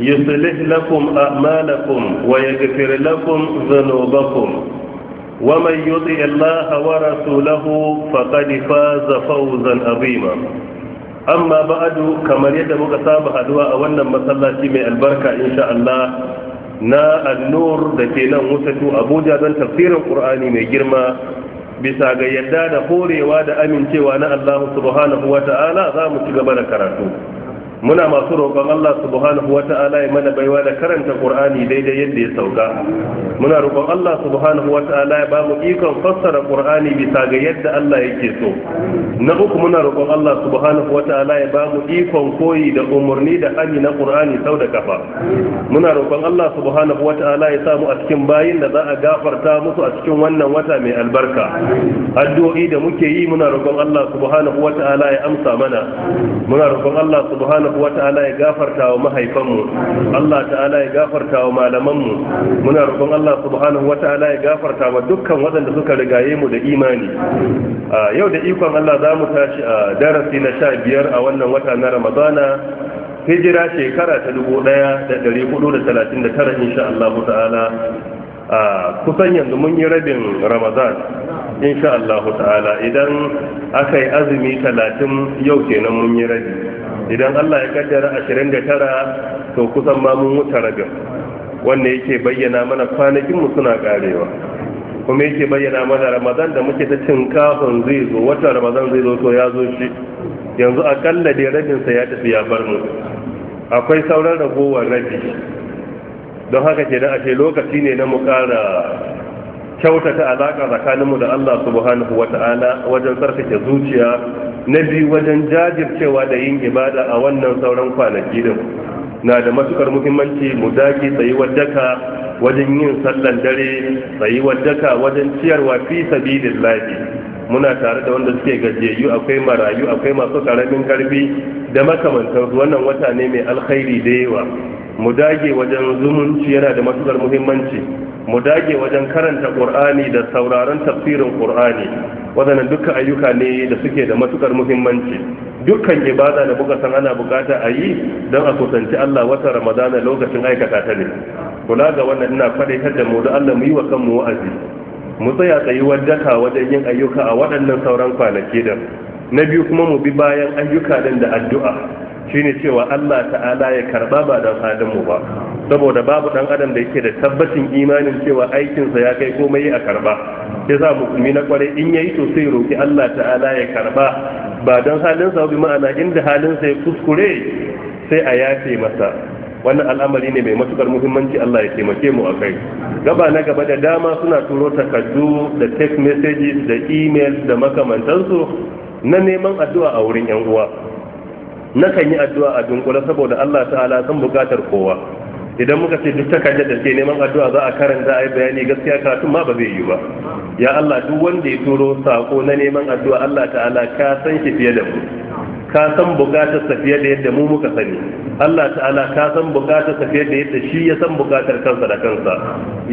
يصلح لكم أعمالكم ويغفر لكم ذنوبكم ومن يطع الله ورسوله فقد فاز فوزا عظيما أما بعد كما يدعو قصاب أدواء أولا مسلاتي من البركة إن شاء الله نا النور دكي نان وسطو أبوجا دون تفسير القرآن من جرما bisa ga yadda da horewa da amincewa na Allah subhanahu wa ta'ala za mu ci gaba da karatu. muna masu roƙon Allah subhanahu wa ta'ala ya mana baiwa da karanta Qur'ani daidai yadda ya sauka muna roƙon Allah subhanahu wa ta'ala ya bamu ikon fassara Qur'ani bisa ga yadda Allah yake so na uku muna roƙon Allah subhanahu wa ta'ala ya bamu ikon koyi da umarni da hali na Qur'ani sau da kafa muna roƙon Allah subhanahu wa ta'ala ya samu a cikin bayin da za a gafarta musu a cikin wannan wata mai albarka addu'o'i da muke yi muna roƙon Allah subhanahu wa ta'ala ya amsa mana muna roƙon Allah subhanahu subhanahu wa ta'ala ya gafarta wa mahaifanmu Allah ta'ala ya gafarta wa malamanmu muna roƙon Allah subhanahu wa ta'ala ya gafarta wa dukkan waɗanda suka rigaye mu da imani yau da ikon Allah za mu tashi a darasi na sha biyar a wannan wata na Ramadana hijira shekara ta dubu ɗaya da ɗari hudu da talatin da tara insha Allah ta'ala a kusan yanzu mun yi rabin Ramadan insha Allah ta'ala idan aka yi azumi talatin yau kenan mun yi rabi idan Allah ya kaddara 29 to kusan ma mun wuta rabin wanda yake bayyana mana kwanakin mu suna karewa kuma yake bayyana mana Ramadan da muke ta cin kafin zai zo wata Ramadan zai zo to ya zo shi yanzu akalla da rabin sa ya tafi ya bar mu akwai sauran ragowar rabi don haka kenan a ce lokaci ne na mu kara kyautata alaƙa tsakaninmu da Allah subhanahu wa ta'ala wajen tsarkake zuciya na biyu wajen jajircewa da yin ibada a wannan sauran kwanaki din na da matukar muhimmanci mu daki tsayuwar daka wajen yin sallan dare tsayuwar daka wajen ciyarwa fi sabilillahi muna tare da wanda suke gajiyayyu akwai marayu akwai masu karamin karfi da makamantansu wannan wata ne mai alkhairi da yawa mu dage wajen zumunci yana da matukar muhimmanci mu dage wajen karanta qur'ani da sauraron tafsirin qur'ani wadannan dukkan ayyuka ne da suke da matukar muhimmanci dukkan ibada da buka san ana bukata a yi don a kusanci Allah wata ramadana lokacin aikata ta ne kula ga wannan ina faɗaitar da mu da Allah mu yi wa kanmu wa'azi mu tsaya tsayuwar daka wajen yin ayyuka a waɗannan sauran kwanaki da na biyu kuma mu bi bayan ayyuka din da addu'a shine cewa Allah ta'ala ya karba ba da fadin mu ba saboda babu dan adam da yake da tabbacin imanin cewa aikinsa ya kai komai a karba sai za kuma na kware in yayi to sai roki Allah ta'ala ya karba ba dan halin sa bi ma'ana inda halin sa ya kuskure sai a yafe masa wannan al'amari ne mai matukar muhimmanci Allah ya taimake mu akai gaba na gaba da dama suna turo takardu da text messages da emails da makamantansu na neman addu'a a wurin yan uwa Na kan yi addu'a a dunkule saboda Allah ta'ala san bukatar kowa idan muka ce duk takarda da ke neman addu'a za a karanta a yi bayani gaskiya karatun ma ba zai yi ba ya Allah duk wanda ya turo sako na neman addu'a Allah ta'ala ka san shi fiye da mu ka san bukatar sa fiye da yadda mu muka sani Allah ta'ala ka san bukatar sa fiye da yadda shi ya san bukatar kansa da kansa